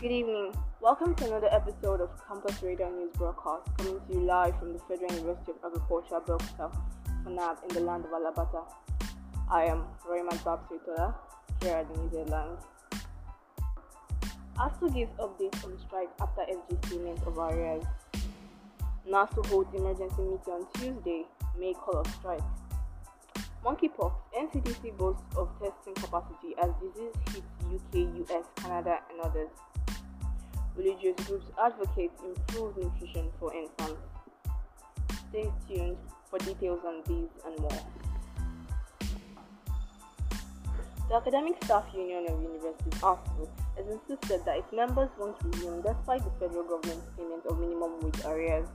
Good evening. Welcome to another episode of Campus Radio News Broadcast, coming to you live from the Federal University of Agriculture, Belfast, FNAB, in the land of Alabata. I am Raymond Babsuitola, here at the New Zealand. ASU gives updates on strike after FG payment of arrears. NASU holds emergency meeting on Tuesday, May call of strike. Monkeypox, NCDC boasts of testing capacity as disease hits UK, US, Canada, and others religious groups advocate improved nutrition for infants. Stay tuned for details on these and more. The Academic Staff Union of Universities ASU has insisted that its members won't resume despite the federal government's payment of minimum wage arrears.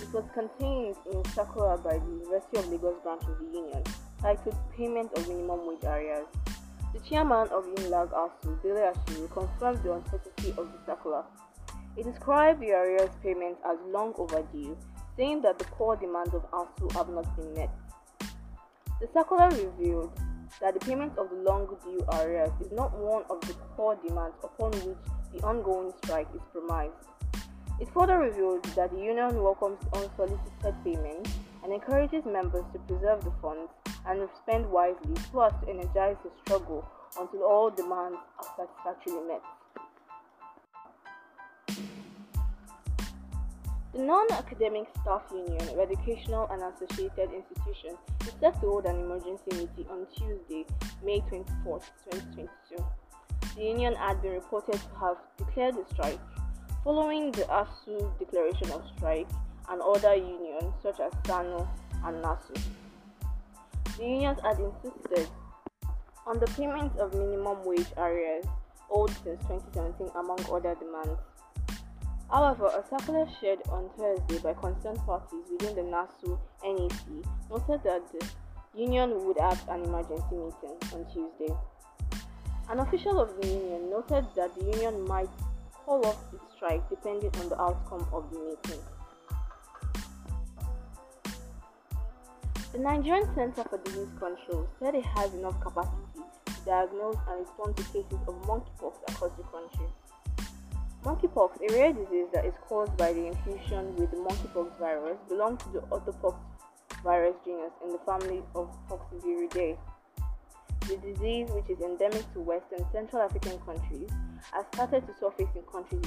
It was contained in a circular by the University of Lagos branch of the union titled Payment of Minimum Wage Arrears the chairman of INLAG ASU, Dele Ashiru, confirmed the uncertainty of the circular. He described the arrears payment as long overdue, saying that the core demands of ASU have not been met. The circular revealed that the payment of the long due arrears is not one of the core demands upon which the ongoing strike is premised. It further revealed that the union welcomes unsolicited payments and encourages members to preserve the funds and spend wisely so as to energize the struggle until all demands are satisfactorily met. The Non-Academic Staff Union of Educational and Associated Institutions is set to hold an emergency meeting on Tuesday, May 24, 2022. The union had been reported to have declared a strike. Following the ASU declaration of strike and other unions such as SANO and NASU, the unions had insisted on the payment of minimum wage arrears owed since 2017, among other demands. However, a circular shared on Thursday by concerned parties within the NASU NEC noted that the union would have an emergency meeting on Tuesday. An official of the union noted that the union might call off its strike depending on the outcome of the meeting. The Nigerian Center for Disease Control said it has enough capacity to diagnose and respond to cases of monkeypox across the country. Monkeypox, a rare disease that is caused by the infusion with the monkeypox virus, belongs to the orthopox virus genus in the family of Poxviridae. The disease, which is endemic to West and Central African countries, has started to surface in countries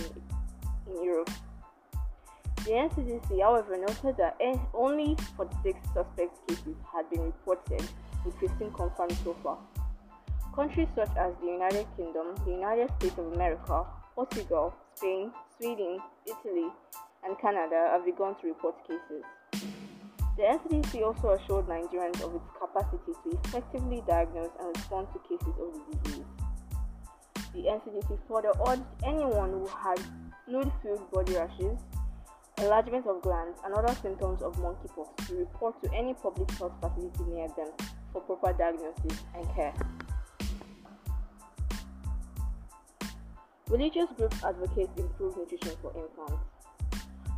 in, in Europe. The NCDC, however, noted that only 46 suspect cases had been reported, with 15 confirmed so far. Countries such as the United Kingdom, the United States of America, Portugal, Spain, Sweden, Italy, and Canada have begun to report cases. The NCDC also assured Nigerians of its capacity to effectively diagnose and respond to cases of the disease. The NCDC further urged anyone who had fluid-filled body rashes, enlargement of glands, and other symptoms of monkeypox to report to any public health facility near them for proper diagnosis and care. Religious groups advocate improved nutrition for infants.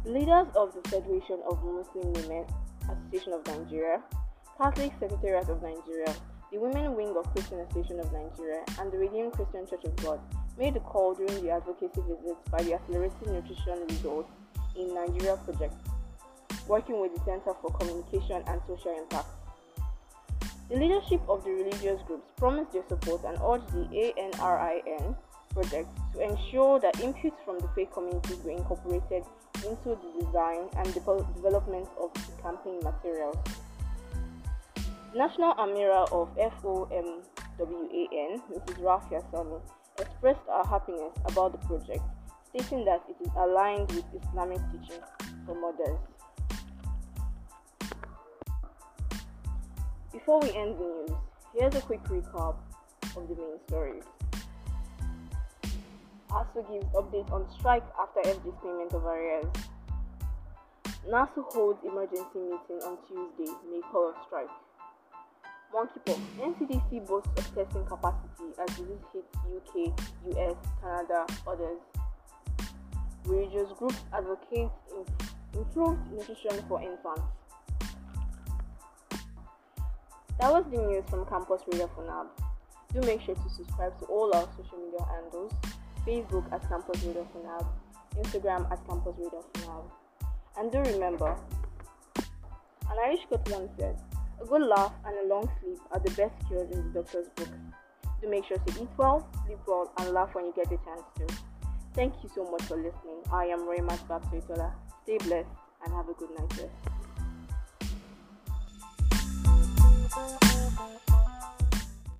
Leaders of the Federation of Muslim Women Association of Nigeria, Catholic Secretariat of Nigeria, the Women Wing of Christian Association of Nigeria, and the Redeemed Christian Church of God made the call during the advocacy visits by the Accelerating Nutrition Results in Nigeria project, working with the Center for Communication and Social Impact. The leadership of the religious groups promised their support and urged the ANRIN project to ensure that inputs from the faith communities were incorporated into the design and de- development of the campaign materials. National Amira of FOMWAN, Mrs. Rafia Sami, expressed her happiness about the project stating that it is aligned with Islamic teachings for mothers. Before we end the news, here's a quick recap of the main stories. ASU gives update on strike after FD's payment of arrears. NASU holds emergency meeting on Tuesday, May call of strike. Monkeypox. NCDC boasts of testing capacity as disease hits UK, US, Canada, others religious groups advocate improved nutrition for infants. That was the news from Campus Radio for now. Do make sure to subscribe to all our social media handles Facebook at Campus Radio for now, Instagram at Campus Radio for now. And do remember, an Irish quote once said, a good laugh and a long sleep are the best cures in the doctor's book. Do make sure to eat well, sleep well, and laugh when you get the chance to. Thank you so much for listening. I am Raymas Babsoitola. Stay blessed and have a good night.